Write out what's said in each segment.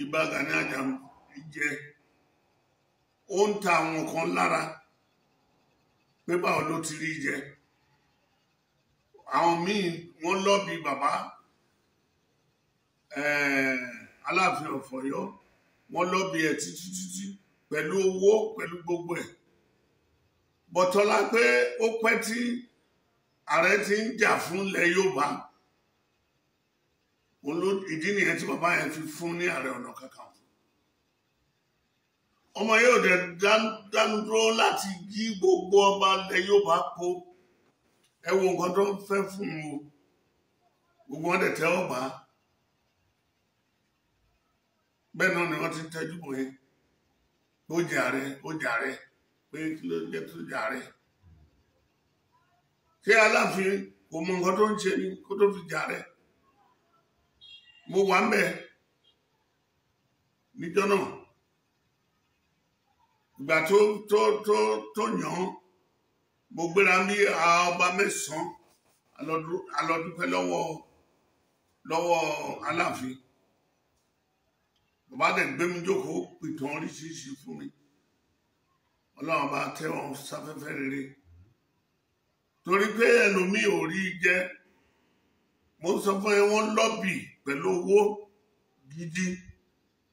tí bá Gani Adams jẹ ó ń ta àwọn kan lára pé báwo ló ti rí jẹ àwọn míì wọ́n lọ́bi bàbá eh, aláàfin of Ọ̀yọ́ wọ́n lọ́bi ẹ̀ títí títí pẹ̀lú owó pẹ̀lú gbogbo ẹ̀ bọ̀tọ́lá pé ó pẹ́ tí ààrẹ ti ń jà fún ilẹ̀ Yorùbá òun ló ìdí nìyẹn tí bàbá yẹn fi fún ní ààrẹ ọ̀nà kakanfò ọmọ yóò dẹ̀ dánudúró láti yí gbogbo ọba ilẹ̀ Yorùbá po ẹ wo nǹkan tó ń fẹ́ fún un o gbogbo wọn dẹ̀ tẹ́ ọba bẹ́ẹ̀ náà ni wọ́n ti tẹ́jú bò yẹn ó jàre ó jàre pé kí ló jẹ́ tó jàre ṣé aláàfin kò mọ nǹkan tó ń ṣe ni kó tó fi jàre mo wà ń bẹ̀ níjọ́ náà ìgbà tó tó tó tó yàn án mo gbéra ní ọba mẹ́sàn-án alọ́dúpẹ́ lọ́wọ́ lọ́wọ́ aláàfin bàbá dẹ̀ gbé mi jókòó pìtàn oríṣiríṣi fún mi ọlọ́run bá tẹ́ wọn sáfẹ́fẹ́ rere torí pé ẹlòmíì ò rí jẹ́ mo sọ fún yín wọ́n lọ́bì pẹ̀lú owó gidi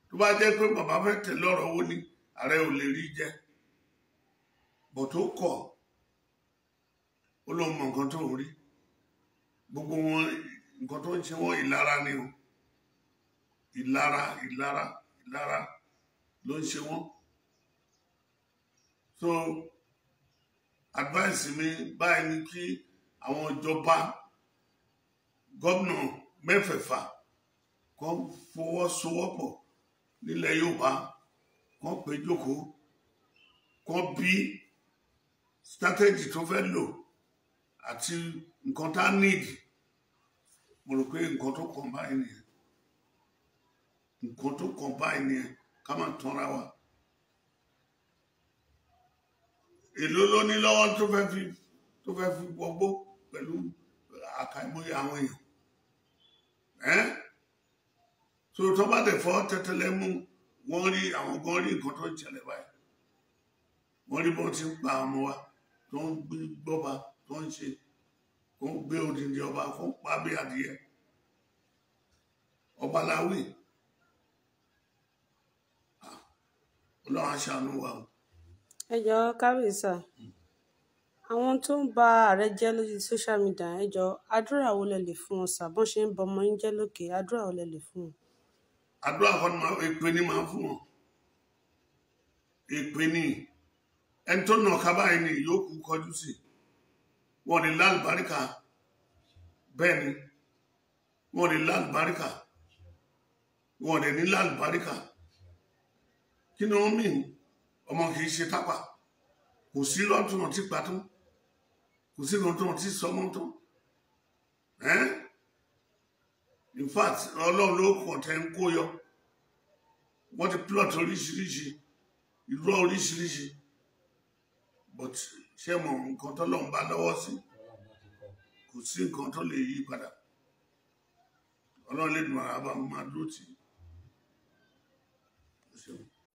tó bá jẹ́ pé bàbá fẹ́ tẹ̀lé ọ̀rọ̀ owó ni ààrẹ ò lè rí jẹ bọ̀ tó kọ̀ ó lóun mọ nǹkan tó ń rí gbogbo wọn nǹkan tó ń ṣe wọn ìlara ni o ìlara ìlara ìlara ló ń ṣe wọn so advice mi báyìí ni kí àwọn ìjọba gómìnà mẹ́fẹ̀ẹ̀fà kan fọwọ́sowọ́pọ̀ nílẹ̀ Yorùbá kan pé jókòó kan bí strategy tó fẹ́ lò àti nǹkan tá need mo rò pé nǹkan tó kàn báyìí nìyẹn nǹkan tó kàn báyìí nìyẹn ká máa tanra wa èló ló ní lọ́wọ́ tó fẹ́ fi tó fẹ́ fi wọgbó pẹ̀lú àkàìmọye àwọn èèyàn so tó bá dẹ̀ fọ́ tẹ́tẹ́lẹ́ mú wọ́n rí àwọn gan rí nǹkan tó ń ṣẹlẹ̀ báyìí wọ́n rí bọ́n ti ń pa ọmọ wa tó ń gbọ́ba tó ń ṣe tó ń gbé odindi ọba fún pa bí adìyẹ ọba láwì ah, ọlọ́run aṣàánú wa. ẹ jọ kábíyèsí àwọn tó ń ba ààrẹ jẹ́ lórí social media ẹ jọ àdúrà wo lẹ lè fún wọn sà bọ́n ṣe ń bọmọ yín jẹ́ lókè àdúrà wo lẹ lè fún wọn. àdúrà kan máa èpè ní máa fún wọn èpè ní ẹni tó nà ká báyìí ni yóò kú kọjú sí wọn ní lálùbáríkà bẹ́ẹ̀ ni wọn ní lálùbáríkà wọn ní lálùbáríkà kí ni wọn mìíràn ọmọ kì í ṣe tápà kò sí lọ́tún ọtí patún kò sí lọ́tọ́ tí sọmọ́ tán in fact ọlọ́run ló kàn tẹ́ ń kó yọ wọ́n ti plot oríṣiríṣi irọ́ oríṣiríṣi but ṣé mo nǹkan tó lọ́n bá lọ́wọ́ sí kò sí nǹkan tó lè yí padà ọlọ́run lè dùn àrà bá máa dúró tì í.